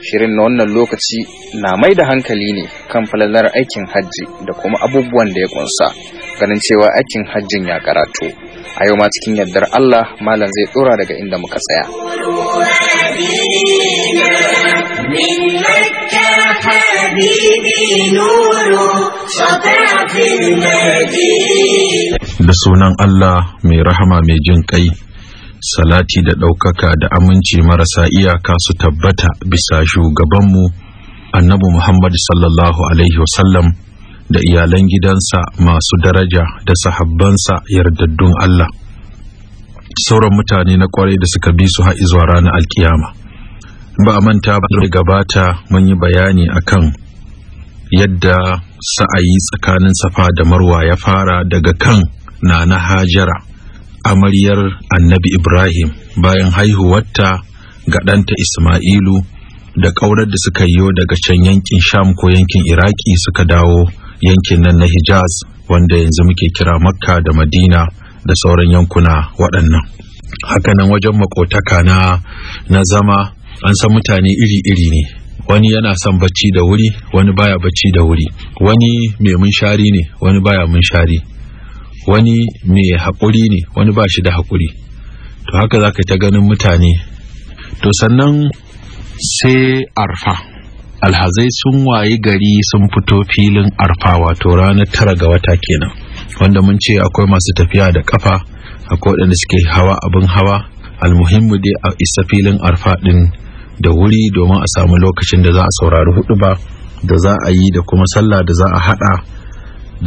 shirin na wannan lokaci na mai da hankali ne kan falalar aikin hajji da kuma abubuwan da ya kunsa ganin cewa aikin hajjin ya karatu a yau ma cikin yardar Allah malam zai tsora daga inda muka tsaya da sunan Allah mai rahama mai jin kai salati da ɗaukaka da aminci marasa iyaka su tabbata bisa shugabanmu annabi Muhammad sallallahu Alaihi wasallam da iyalan gidansa masu daraja da sahabbansa yardaddun Allah sauran mutane na kwarai da suka bi su ha'i zuwa ranar alkiyama ba a manta ba da gabata mun yi bayani akan yadda sa'ayi tsakanin safa da marwa ya fara daga kan na na hajara amaryar annabi Ibrahim bayan haihuwarta ga ɗanta Ismailu da ƙaurar da suka yiwo daga can yankin Sham ko yankin Iraki suka dawo yankin nan na Hijaz wanda yanzu muke kira Makka da Madina da sauran yankuna waɗannan. Hakanan wajen makotaka na, na zama an san mutane iri-iri ne. Wani yana son bacci da wuri, wani baya bacci da wuri, wani mai munshari ne, wani baya munshari. wani mai haƙuri ne wani ba shi da hakuri to haka za ka ta ganin mutane to sannan sai arfa alhazai sun wayi gari sun fito filin arfa wato ranar tara ga wata kenan wanda mun ce akwai masu tafiya da kafa akwai waɗanda suke hawa abin hawa almuhimmu dai a isa filin arfa ɗin da wuri domin a samu lokacin da za a saurari hudu ba da za a yi da kuma sallah da za a haɗa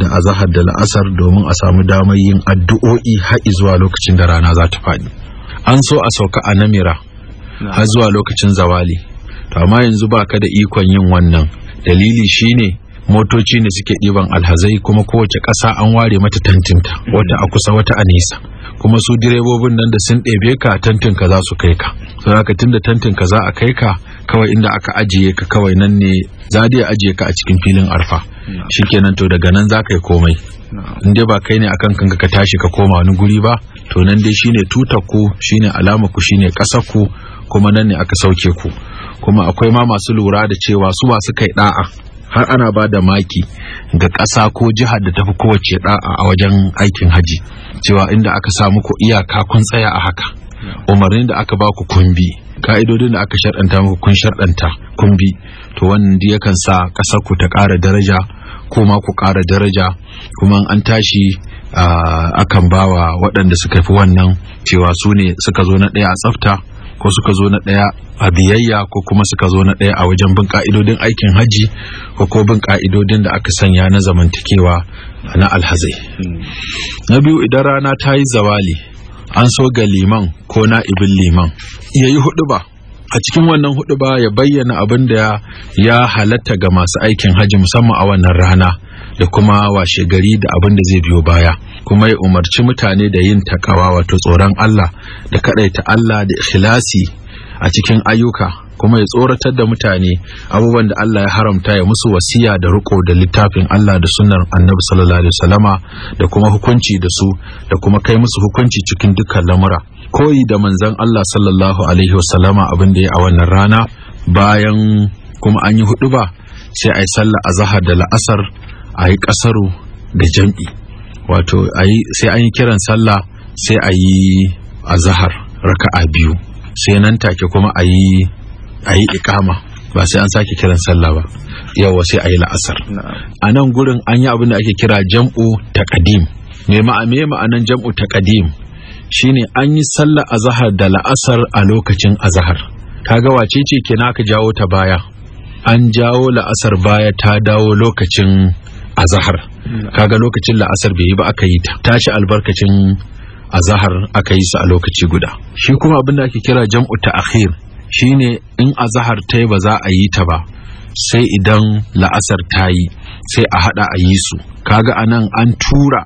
da azahar da la'asar domin a samu damar yin addu'o'i har zuwa lokacin da rana za ta faɗi an so a sauka a namira har zuwa lokacin zawali to amma yanzu ba ka da ikon yin wannan dalili shine motoci ne suke ɗiban alhazai kuma kowace ƙasa an ware mata tantinta wata a kusa wata a nesa kuma su direbobin nan da sun ɗebe ka tantin ka za su kai ka saboda tunda tantin ka za a kai ka kawai inda aka ajiye ka kawai nan ne za a ajiye ka a cikin filin arfa shikenan to daga nan za ka yi komai in dai ba kai ne akan kanka ka tashi ka koma wani guri ba to nan dai shine tuta ku shine alama ku shine ƙasar ku kuma nan ne aka sauke ku kuma akwai ma masu lura da cewa su ba su kai da'a har ana ba da maki ga ƙasa ko jihar da ta fi kowace da'a a wajen aikin haji cewa inda aka samu ku iyaka kun tsaya a haka umarnin da aka baku kun bi ka'idodin da aka sharɗanta muku kun sharɗanta kumbi. to wannan yakan sa ƙasar ku ta ƙara daraja ko ma ku ƙara daraja kuma an tashi akan bawa waɗanda suka fi wannan cewa su ne suka zo na ɗaya a tsafta ko suka zo na ɗaya a biyayya ko kuma suka zo na ɗaya a wajen bin ka'idodin aikin hajji ko ko bin ka'idodin da aka sanya na zamantakewa na alhazai hmm. na biyu idan rana ta yi zawali an so ga liman ko na ibin liman ya yi ba a cikin wannan huɗuba ya bayyana abin da ya halatta ga masu aikin hajji musamman a wannan rana da kuma washe gari da abin da zai biyo baya kuma ya umarci mutane da yin takawa wato tsoron Allah da kadaita Allah da ikhlasi a cikin ayyuka kuma ya tsoratar da mutane abubuwan da Allah ya haramta ya musu wasiya da riko da littafin Allah da sunnar Annabi sallallahu alaihi wasallama da kuma hukunci da su da kuma kai musu hukunci cikin dukkan lamura koyi da manzon Allah sallallahu alaihi wasallama abin da ya a wannan rana bayan kuma an yi hudu ba sai a yi sallah azhar da la'asar a yi kasaru da jam'i wato sai an yi kiran sallah sai a yi azahar raka'a biyu sai nan take kuma a yi a yi ikama ba sai an sake kiran sallah ba yawa sai a yi la'asar a nan gurin an yi abin da ake kira jam'u ta mai me ma'anan jam'u ta shi ne an yi sallah a zahar da la'asar a lokacin a zahar. Ka ga wace ce kenan ka jawo ta baya an jawo la'asar baya ta dawo lokacin a zahar. Ka ga lokacin la'asar bai yi ba aka yi ta tashi albarkacin a zahar aka yi su a lokaci guda shi kuma abin da ake kira jam'u ta akhir shine in azahar ta yi ba za a yi ta ba sai idan la'asar ta yi sai a hada a yi su kaga anan an tura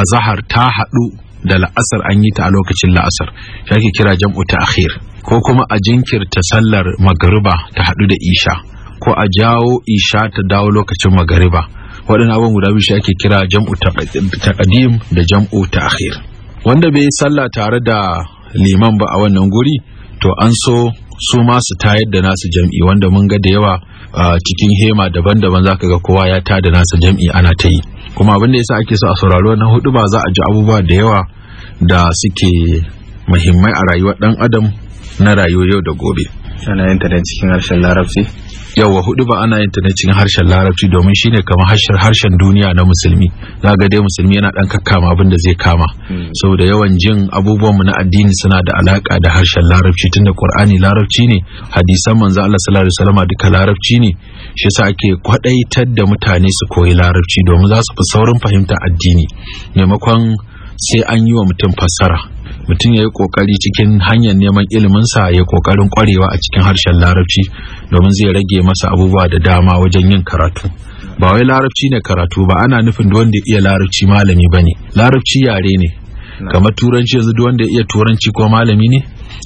azahar ta hadu da la'asar an yi ta a lokacin la'asar ke kira jam'u ta akhir ko kuma a jinkirta sallar magariba ta hadu da isha ko a jawo isha ta dawo lokacin magariba waɗannan abubuwan guda biyu shi ake kira jam'u taqdim da jam'u ta'khir wanda bai yi sallah tare da liman ba a wannan guri to an so su ma su tayar da nasu jam'i wanda mun ga da yawa cikin hema daban-daban zaka ga kowa ya tada nasa jam'i ana ta yi kuma abin da yasa ake so a sauraro na hudu ba za a ji abubuwa da yawa da suke muhimmai a rayuwar dan adam na rayuwar yau da gobe ana yin ta ne cikin harshen larabci yawa hudu ba ana yin ta ne cikin harshen larabci domin shine kamar harshen harshen duniya na musulmi za ga dai musulmi yana dan kakkama abin da zai kama hmm. saboda yawan jin abubuwan mu na addini suna da alaka da harshen larabci tunda qur'ani larabci ne hadisan manzo Allah sallallahu alaihi wasallam duka larabci ne shi yasa ake kwadaitar da mutane su koyi larabci domin za su fi saurin fahimta addini maimakon sai an yi wa mutum fassara mutum ya yi kokari cikin hanyar neman iliminsa ya kokarin kwarewa a cikin harshen larabci domin zai rage masa abubuwa da dama wajen yin karatu ba wai larabci ne karatu ba ana nufin da wanda iya larabci malami ba larabci yare ne kamar turanci yanzu duk wanda iya turanci ko malami ne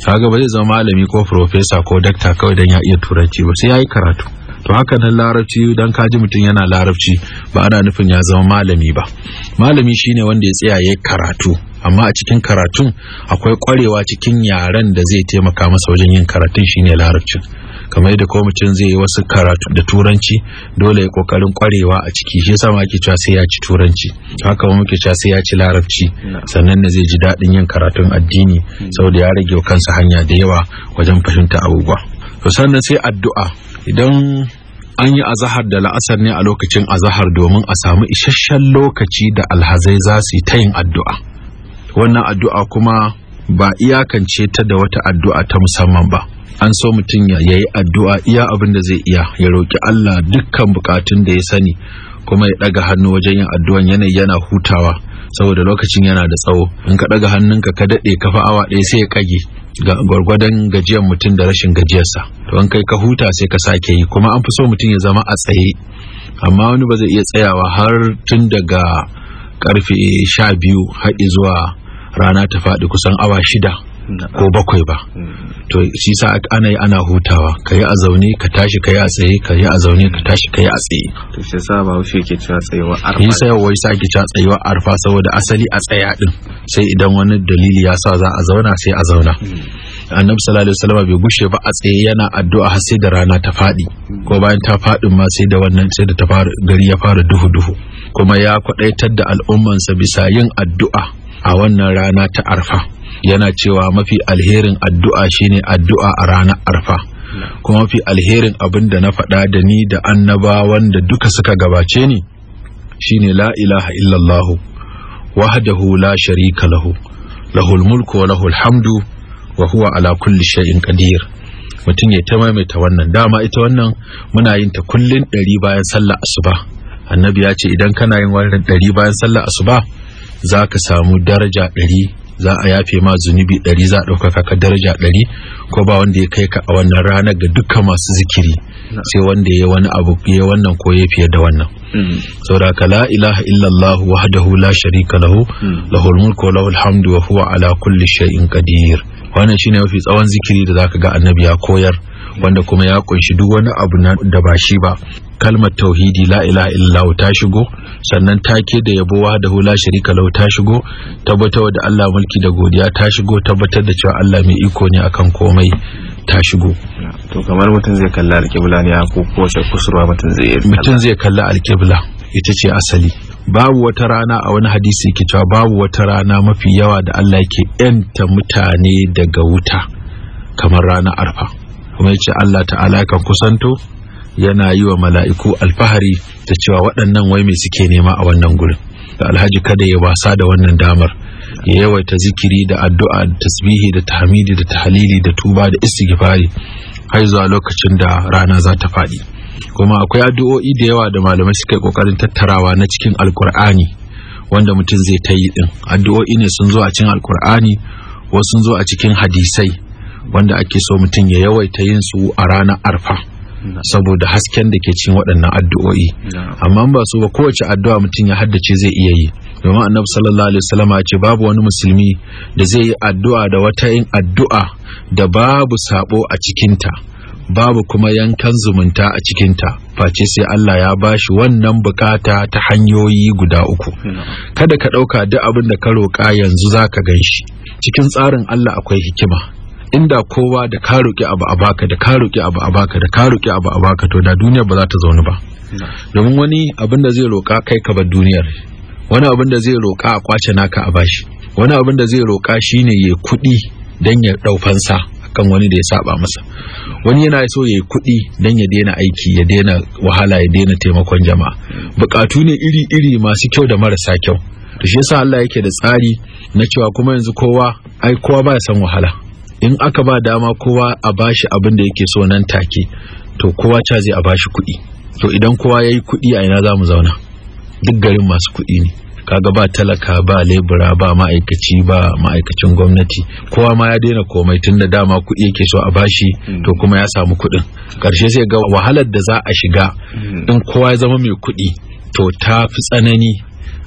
kaga ba zai zama malami ko profesa ko dakta kawai dan ya iya turanci ba sai yayi karatu to haka nan larabci dan kaji mutum yana larabci ba ana nufin ya zama malami ba malami shine wanda ya tsaya ya karatu amma a cikin karatun akwai kwarewa cikin yaren da zai taimaka masa wajen yin karatun shine larabcin kamar yadda ko mutum zai yi wasu karatu da turanci dole ya kokarin kwarewa a ciki shi yasa muke cewa sai ya ci turanci haka kuma muke cewa sai ya ci larabci sannan ne zai ji daɗin yin karatun addini hmm. saboda ya rage kansa hanya da yawa wajen fahimta abubuwa to sannan sai addu'a idan an yi azahar da la'asar ne a lokacin azahar domin a samu isasshen lokaci da alhazai za su yi ta yin addu'a wannan addu'a kuma ba iyakance ta da wata addu'a ta musamman ba an so mutum ya yi addu'a iya abin da zai iya ya roƙi Allah dukkan bukatun da ya sani kuma ya ɗaga hannu wajen yin addu'an yanayi yana hutawa saboda lokacin yana da tsawo in ka ɗaga hannunka ka daɗe kafa awa ɗaya sai ya ƙage gwargwadon gajiyar mutum da rashin gajiyarsa to an kai ka huta sai ka sake yi kuma an fi so mutum ya zama a tsaye amma wani ba zai iya tsayawa har tun daga karfe sha biyu haɗi zuwa rana ta faɗi kusan awa shida ko bakwai ba hmm. to shi sa ana yi ana hutawa ka yi a zaune ka tashi ka yi a tsaye ka yi a zaune ka tashi ka yi a tsaye to shi sa ba shi ke cewa tsayewa arfa yi sa yawai sa ke cewa tsayewa arfa saboda asali a tsaya din sai idan wani dalili ya sa za a zauna sai a zauna hmm. annabi sallallahu alaihi wasallam bai gushe ba a tsaye yana addu'a har sai da rana ta fadi hmm. ko bayan ta fadin ma sai da wannan sai da ta fara gari ya fara duhu duhu kuma ya kwadaitar da al'ummansa bisa yin addu'a a wannan rana ta arfa yana cewa mafi alherin addu'a shine addu'a a ranar arfa kuma mafi alherin abin da na faɗa da ni da annabawan da duka suka gabace ni shine la ilaha illallah wahdahu la sharika lahu lahul mulku wa lahul hamdu wa huwa ala kulli shay'in qadir mutum ya ta maimaita wannan dama ita wannan muna yin ta kullun ɗari bayan sallah asuba annabi ya ce idan kana yin wannan ɗari bayan sallar asuba za ka samu daraja ɗari za a yafe ma zunubi ɗari za a ɗaukaka ka daraja ɗari ko ba wanda ya kai ka a wannan ranar ga dukkan masu zikiri sai wanda ya wani abu ya wannan ko ya fiye da wannan hmm. saboda ka la ilaha illallah wahdahu la sharika lahu hmm. lahul mulku wa lahul wa huwa ala kulli shay'in qadir wannan shine mafi tsawon zikiri da zaka ga annabi ya koyar wanda kuma ya kunshi duk wani abu da ba shi ba kalmar tauhidi la ilaha illallah ta shigo sannan take da yabo da hula shirika lahu ta shigo tabbatar da Allah mulki da godiya ta shigo tabbatar da cewa Allah mai iko ne akan komai ta shigo to kamar mutum zai kalla alƙibla ne ko kowace kusurwa mutum zai mutum zai kalla alƙibla ita ce asali babu wata rana a wani hadisi ke cewa babu wata rana mafi yawa da Allah yake yanta mutane daga wuta kamar ranar arfa kuma yace Allah ta'ala kan kusanto yana yi wa mala'iku alfahari da cewa waɗannan wai mai suke nema a wannan gurin da alhaji kada ya wasa da wannan damar ya yawaita zikiri da addu'a da tasbihi da tahmidi da tahalili da tuba da istighfari har zuwa lokacin da rana za ta faɗi kuma akwai addu'o'i da yawa da malamai suka yi ƙoƙarin tattarawa na cikin alkur'ani wanda mutum zai ta yi ɗin addu'o'i ne sun zo a cikin alkur'ani wasu sun zo a cikin hadisai wanda ake so mutum ya yawaita yin su a ranar arfa saboda hasken da ke cin waɗannan addu'o'i amma ba su ba kowace addu'a mutum ya haddace zai iya yi domin annabi sallallahu alaihi wasallama ya ce babu wani musulmi da zai yi addu'a da wata yin addu'a da babu sabo a cikinta babu kuma yankan zumunta a cikinta face sai Allah ya bashi wannan bukata ta hanyoyi guda uku kada ka ɗauka duk abin da ka roƙa yanzu za ka gan shi cikin tsarin Allah akwai hikima inda kowa da ka roƙi abu a baka da ka roƙi abu a baka da ka roƙi abu a baka to da duniya ba za ta zaune ba domin wani abin da zai roƙa kai ka bar duniyar wani abin da zai roƙa a kwace naka a bashi wani abin da zai roƙa shine ya kuɗi dan ya ɗau fansa kan wani da ya saba masa wani yana so yayi yi kuɗi don ya daina aiki ya daina wahala ya daina taimakon jama'a bukatu ne iri-iri masu kyau da marasa kyau to shi yasa Allah yake da tsari na cewa kuma yanzu kowa ai kowa baya san wahala in aka ba dama kowa a bashi abin da yake so nan take to kowa ca zai a bashi kuɗi to idan kowa ya yi kuɗi a ina za mu zauna duk garin masu kuɗi ne kaga ba talaka ba lebura ba ma'aikaci ba ma'aikacin gwamnati kowa ma ya daina komai tun da dama kuɗi yake so a bashi hmm. to kuma ya samu kuɗin ƙarshe sai ga wahalar da za a shiga hmm. in kowa ya zama mai kuɗi to ta fi tsanani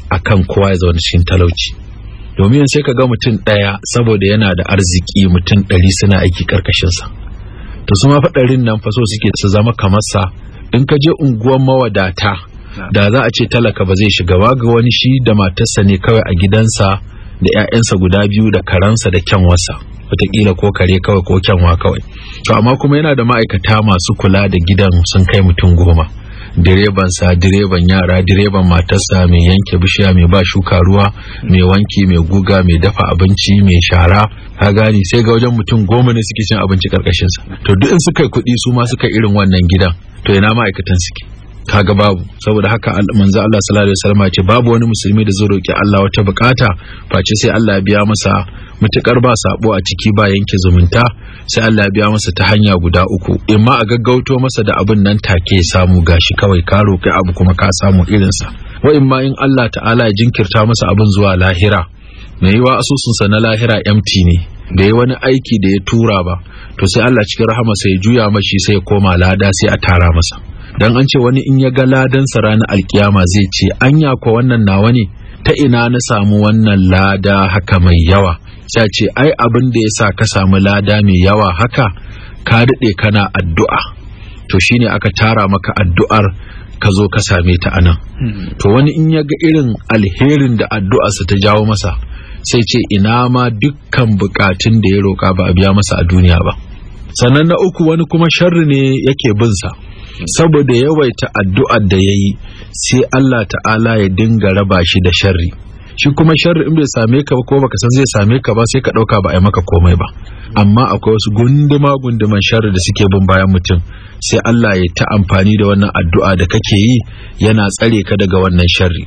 akan kowa ya zauna cikin talauci domin sai ka ga mutum ɗaya saboda yana da arziki mutum ɗari suna aiki ƙarƙashinsa to su ma faɗarin nan fa so suke su zama kamar sa in ka je unguwar mawadata da za a ce talaka ba zai shiga ba ga wani shi da matarsa ne kawai a gidansa da 'ya'yansa guda biyu da karansa da kyanwarsa wataƙila ko kare kawai ko kyanwa kawai to amma kuma yana da ma'aikata masu kula da gidan sun kai mutum goma direbansa direban yara direban matarsa mai yanke bishiya mai ba shuka ruwa mai wanki mai guga mai dafa abinci mai shara ka gani sai ga wajen mutum goma ne suke cin abinci karkashinsa to duk in suka yi kuɗi su ma suka irin wannan gidan to ina ma'aikatan suke kaga babu saboda haka manzo Allah sallallahu alaihi wasallam ce babu wani musulmi da zai roki Allah wata bukata face sai Allah ya biya masa mutukar ba sabo a ciki ba yanke zumunta sai Allah ya biya masa ta hanya guda uku imma a gaggauto masa da abin nan take samu gashi kawai ka roki abu kuma ka samu sa wa imma in Allah ta'ala ya jinkirta masa abin zuwa lahira mai yiwa asusun sa na lahira empty ne da ya wani aiki da ya tura ba to sai Allah cikin rahama sai juya mashi sai ya koma lada sai a tara masa dan an ce wani in ya ga ladansa ranar alkiyama zai ce anya ko wannan nawa ne ta ina na samu wannan lada haka mai yawa sai ce ai abin da ya sa ka samu lada mai yawa haka ka daɗe kana addu'a to shine aka tara maka addu'ar ka zo ka same ta anan hmm. to wani in ya ga irin alherin da addu'arsa ta jawo masa sai ce ina ma dukkan bukatun da ya roƙa ba a biya masa a duniya ba sannan na uku wani kuma sharri ne yake sa. saboda yawaita addu'ar da ya yi sai Allah ta'ala ya dinga raba shi da sharri shi kuma sharri in bai same ka ba ko baka san zai same ka ba sai ka ɗauka ba a yi maka komai ba amma akwai wasu gunduma gunduman sharri da suke bin bayan mutum sai Allah ya ta amfani da wannan addu'a da kake yi yana tsare ka daga wannan sharri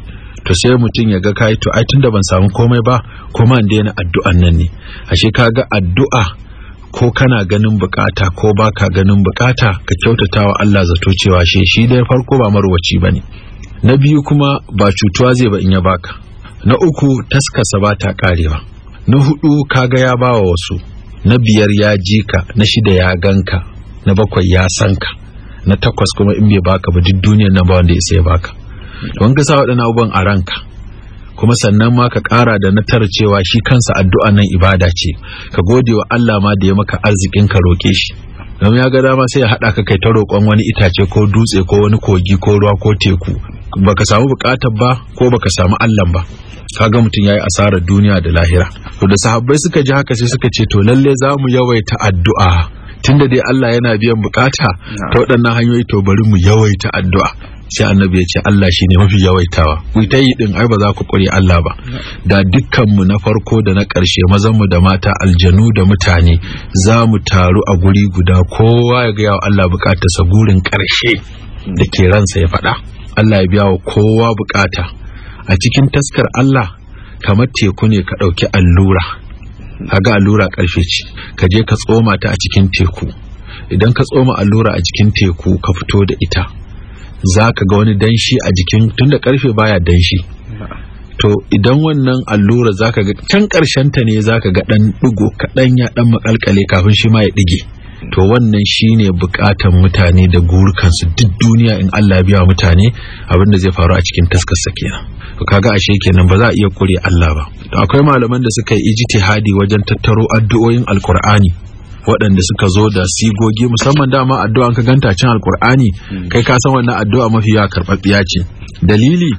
to sai mutum ya ga kai to ai tunda ban samu komai ba kuma an daina addu'an nan ne ashe kaga addu'a ko kana ganin bukata ko baka ganin bukata ka kyautata wa Allah zato cewa shi shi dai farko ba marwaci bane na biyu kuma ba cutuwa zai ba in ya baka na uku taskasa ba ta karewa na hudu kaga ya bawa wasu na biyar ya ji ka na shida ya ganka na bakwai ya san ka na takwas kuma in bai baka ba duk duniyar nan ba wanda ya sai baka don ka sa waɗannan abubuwan a ranka kuma sannan ma ka kara da na tara cewa shi kansa addu'a nan ibada ce ka gode wa Allah ma da ya maka arzikin ka roke shi don ya ga dama sai ya haɗa ka kai ta roƙon wani itace ko dutse ko wani kogi ko ruwa ko teku baka samu buƙatar ba ko baka samu Allah ba kaga mutum yayi asarar duniya da lahira to da sahabbai suka ji haka sai suka ce to lalle za mu yawaita addu'a tunda dai Allah yana biyan bukata ta waɗannan hanyoyi to bari mu yawaita addu'a sai annabi ya ce Allah shi ne mafi yawaitawa ku ta yi din ai ba za ku kure Allah ba da dukkanmu na farko da na ƙarshe mu da mata aljanu da mutane za mu taru a guri guda kowa ya ga wa Allah sa gurin ƙarshe da ke ransa ya faɗa Allah ya biya wa kowa bukata a cikin taskar Allah kamar teku ne ka ɗauki allura kaga allura ƙarfe ce ka je ka tsoma ta a cikin teku idan ka tsoma allura a cikin teku ka fito da ita za ka ga wani danshi a jikin tun da karfe baya danshi to idan wannan allura za ka ga can ta ne za ka ga ɗan ɗigo kaɗan ya ɗan makalkale kafin shi ma ya ɗige to wannan shine bukatan mutane da gurukansu duk duniya in Allah ya biya mutane abinda zai faru a cikin taskarsa kenan to kaga ashe kenan ba za a iya kure Allah ba to akwai malaman da suka yi ijtihadi wajen tattaro addu'o'in alkur'ani waɗanda suka zo da sigogi musamman dama addu'a ka ganta cin alkur'ani hmm. kai ka san wannan addu'a mafi yawa karɓaɓɓiya ce dalili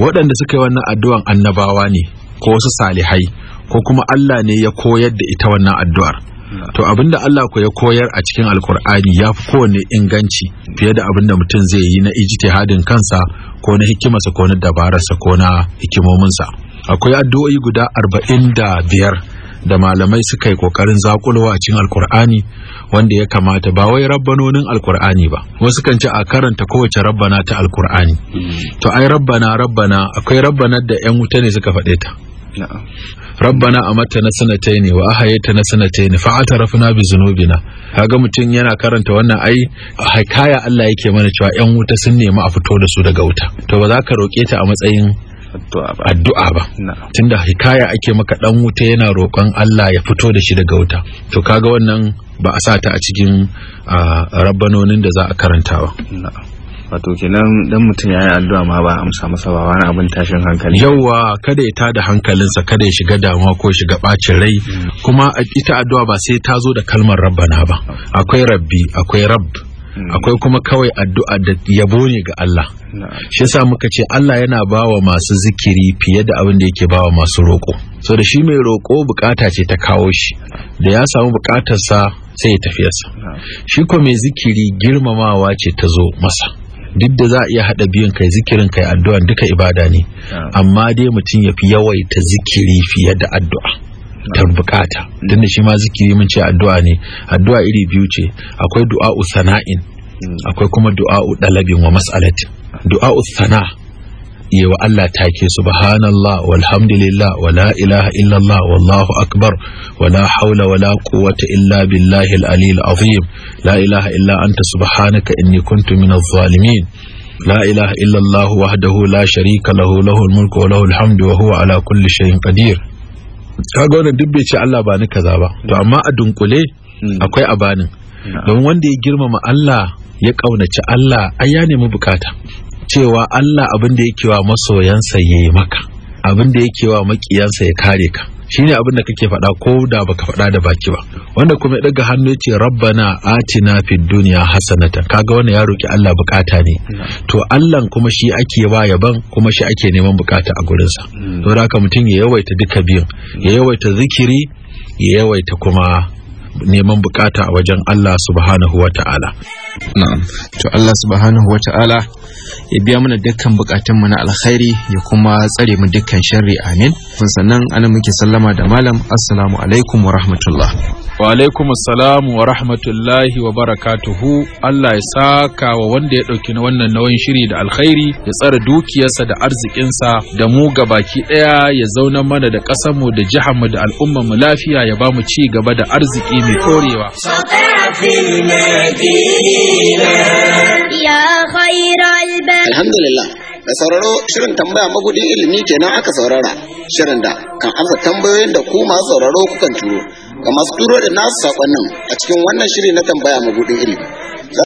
waɗanda suka yi wannan addu'an annabawa ne ko wasu salihai ko kuma Allah ne ya koyar da ita wannan addu'ar hmm. to abinda Allah ko ya koyar a cikin alkur'ani ya fi kowane inganci fiye da abinda mutum zai yi na ijtihadin kansa ko na hikimarsa ko na dabararsa ko na hikimominsa akwai addu'o'i guda arba'in da biyar da malamai suka yi kokarin zakulowa a cikin alkur'ani wanda ya kamata ba wai rabbanonin alkur'ani ba wasu kan ci a karanta kowace rabbana ta alkur'ani hmm. to ai rabbana rabbana akwai rabbanar da yan wuta ne suka faɗe ta rabbana sanatai ne wa na sanatai ne fa atarafna bi zunubina kaga mutum yana karanta wannan ai haikaya Allah yake mana cewa yan wuta sun nemi a fito da su daga wuta to ba za ka roke ta a matsayin addu'a ba tunda hikaya ake maka dan wuta yana roƙon Allah ya fito da shi daga wuta to kaga wannan ba a sata a cikin rabbanonin da za a karanta ba wato kenan dan mutum ya yi addu'a ma ba amsa masa ba wani abin tashin hankali yawa kada ya tada hankalinsa kada ya shiga damuwa ko shiga bacin rai mm. kuma ita addu'a ba sai ta zo da kalmar rabbana ba ah. akwai rabbi akwai rabb Hmm. akwai kuma kawai addu'a da yabo ne ga Allah shi yasa muka ce Allah yana bawa masu zikiri fiye da abin da yake bawa masu roko so da shi mai roko bukata ce ta kawo shi da ya samu sa sai ya tafi sa, shi ko mai zikiri girmamawa ce ta zo masa duk da za a iya haɗa biyun kai zikirin kai addu'a duka ibada ne amma dai mutum ya fi yawaita zikiri fiye da addu'a tar bukata tunda shi ma zikiri mun ce addu'a ne addu'a iri biyu ce akwai du'a'u sana'in akwai kuma du'a'u dalabin wa mas'alati du'a'u sana Ya wa Allah take subhanallah walhamdulillah wa la ilaha illallah wallahu akbar wa la wala wa la quwwata illa billahi al-aliyyil azim la ilaha illa anta subhanaka inni kuntu minaz zalimin لا إله إلا الله وحده لا شريك له له الملك وله الحمد وهو على كل شيء قدير kaga wannan duk bai ce Allah ba ni kaza ba to amma a dunkule hmm. akwai abanin hmm. don wanda ya girmama Allah ya kaunaci Allah ai ya nemi bukata cewa Allah abin da yake wa masoyansa yayi maka abin da yake wa makiyansa ya kare ka shi ne abin da kake faɗa ko da baka faɗa da baki ba wanda kuma ya daga hannu yace rabbana atina fid Hassanata. hasanatan kaga wannan ya roki Allah bukata ne to Allah kuma shi ake ba yaban kuma shi ake neman bukata a gurinsa. Hmm. sa to haka mutum ya yawaita duka biyun ya yawaita zikiri ya yawaita kuma neman bukata a wajen Allah subhanahu wa ta'ala na'am to Allah subhanahu wa ta'ala ya biya mana dukkan bukatunmu na alkhairi ya kuma tsare mu dukkan sharri amin sannan ana muke sallama da malam assalamu alaikum wa rahmatullah wa alaikum assalam wa rahmatullahi wa barakatuhu Allah ya saka wa wanda ya ɗauki na wannan nauyin shiri da alkhairi ya tsara dukiyarsa da arzikinsa da mu baki ɗaya ya zauna mana da ƙasarmu da mu da mu lafiya ya ba mu ci gaba da arziki mai korewa. Alhamdulillah, da sauraro shirin tambaya magudin ilimi kenan aka saurara shirin da kan amsa tambayoyin da ku masu sauraro kukan turo ga masu turo da nasu sakonnin a cikin wannan shiri na tambaya magudin ilimi